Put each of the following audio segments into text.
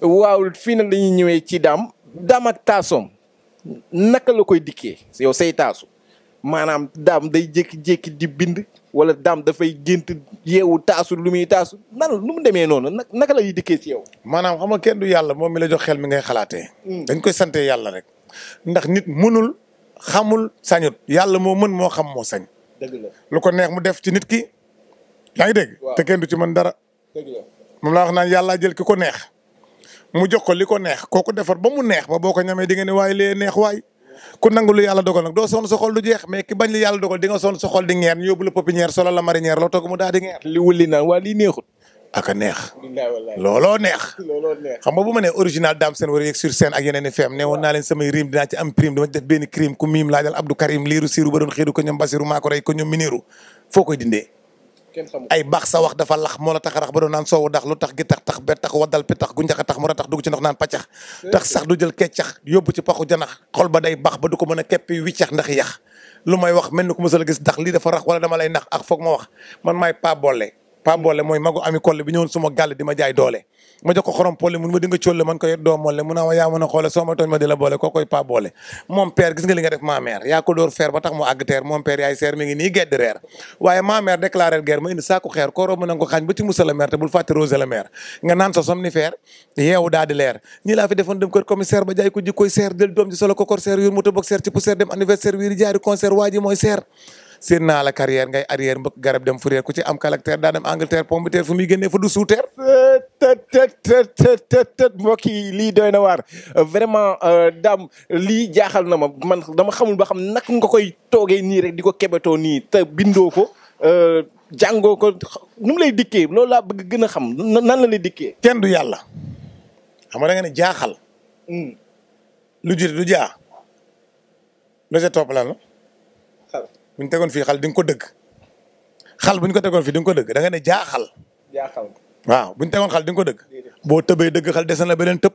waaw fii nag dañuy ñëwee ci daam daam taasoom naka la koy dikkee yow say taasu maanaam daam day jékki-jékki di bind wala daam dafay gént yeewu taasu lu muy taasu nan nu mu demee noonu nag naka la dikkee ci yow. maanaam xam nga kenn du yàlla moom mi la jox xel mi ngay xalaatee. Hmm. dañ koy sante yàlla rek. ndax nit mënul xamul sañut yàlla moo mën moo xam moo sañ. dëgg lu ko neex mu def ci nit ki. yaa ngi dégg. te kenn du ci mën dara. dëgg la wax naan yàlla jël ki ko neex. mu jox ko li ko neex kooku defar ba mu neex ba boo ko ñamee di nga ne waaye lee neex waay ku nangu lu yàlla nag doo sonn sa du jeex mais ki bañ li yàlla dogal di nga sonn sa xol di ngeer ñu yóbbu la pépinière solo loo togg mu daal di ngeer. a neex. looloo neex. neex xam bu ma nee original Dame Sène war a yegg sur scène ak yeneen feem ne woon naa leen samay rime dinaa ci am prime dama def benn crime ku miim laajal Abdou Karim liiru siiru ba doon xiiru ko ñoom Basiru maa rey ay baax sa wax dafa lax moo la tax rax ba doon naan soowu dax lu tax gi tax tax be tax waddal pi tax gu njax a tax mu ra tax dugg ci ndox naan paccax tax sax du jël keccax yóbbu ci paxu janax xol ba day baax ba du ko mën a keppi wiccax ndax yax lu may wax mel ni ko a gis dax lii dafa rax wala dama lay nax ak foog ma wax man may pa pamboole mooy magu ami kolle bi ñëwoon suma gàll di ma jaay doole ma jox ko xorom polle mun ma di nga cólle man ko yot mun naa ma yaa a xoole soo ma tooñ ma di boole koo koy pa moom père gis nga li nga def ma mère yaa ko dóor feer ba tax mu àgg moom père yaay seer mi nii gedd waaye ma mère déclaré guerre ma indi saako xeer koo romb na xaañ ba ci musa la te bul fàtte rosé la nga naan sa somnifère yeewu daa ñi seen naa la carrière ngay arrière mbëkk garab dem fourrière ku ci am caractère daa dem Angleterre pomme de terre fu du suuteer tet mbokk yi lii doy na waar euh, vraiment euh, daam lii jaaxal na ma man dama xamul ba xam nak nga koy toogee nii rek di ko kebetoo nii te bindoo ko euh, jàngoo ko nu lay dikkee loolu laa bëgg gën a xam nan la lay dikkee kenn du yàlla xam nga nga ne jaaxal hmm. lu jur du jaa lu ca la bu ñu tegoon fii xal di nga ko dëgg xal bu ñu ko tegoon fii di ko dëgg da nga ne jaaxal. jaaxal waaw bu ñu tegoon xal di ko dëgg. boo tëbee dëgg xal dese na beneen tëb.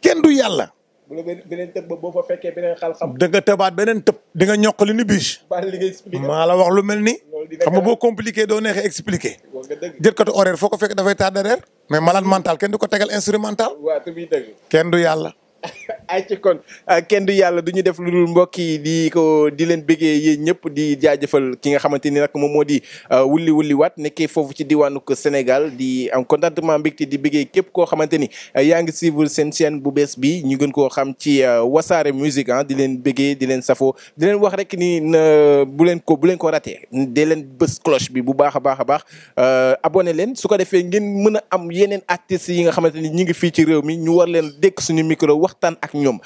kenn du yàlla. bu la beneen tëb boo fa fekkee beneen xal xam. da nga tëbaat beneen tëb. di nga ñokk li ni biche. maa la wax lu mel ni. xam nga boo compliqué doo neexee expliqué. jëtkatu horaire foo ko fekk dafay tardé reer mais malade mental kenn du ko tegal instrumental. waaw te kenn du yàlla. ay ci kon ah, kenn du yàlla du ñu def lu dul mbokk yi di ko di leen bëggee yéen ñëpp di jaajëfal ki nga xamante ni nag moom moo di ah, wulli wulli waat nekkee foofu ci diwaanu Sénégal di am contentement mbégte di bëggee képp koo xamante ni ah, yaa ngi suivre seen chaîne bu bees bi ñu gën koo xam ci wasaare musique ah di leen bëggee di leen safo di leen wax rek ni na bu leen ko bu leen ko ratee de leen bës cloche bi bu baax a baax a baax abone leen su ko defee ngeen mën a am yeneen artistes yi nga xamante ni ñu ngi fii ci réew mi ñu war leen dékk suñu micro waxtaan ak ñoom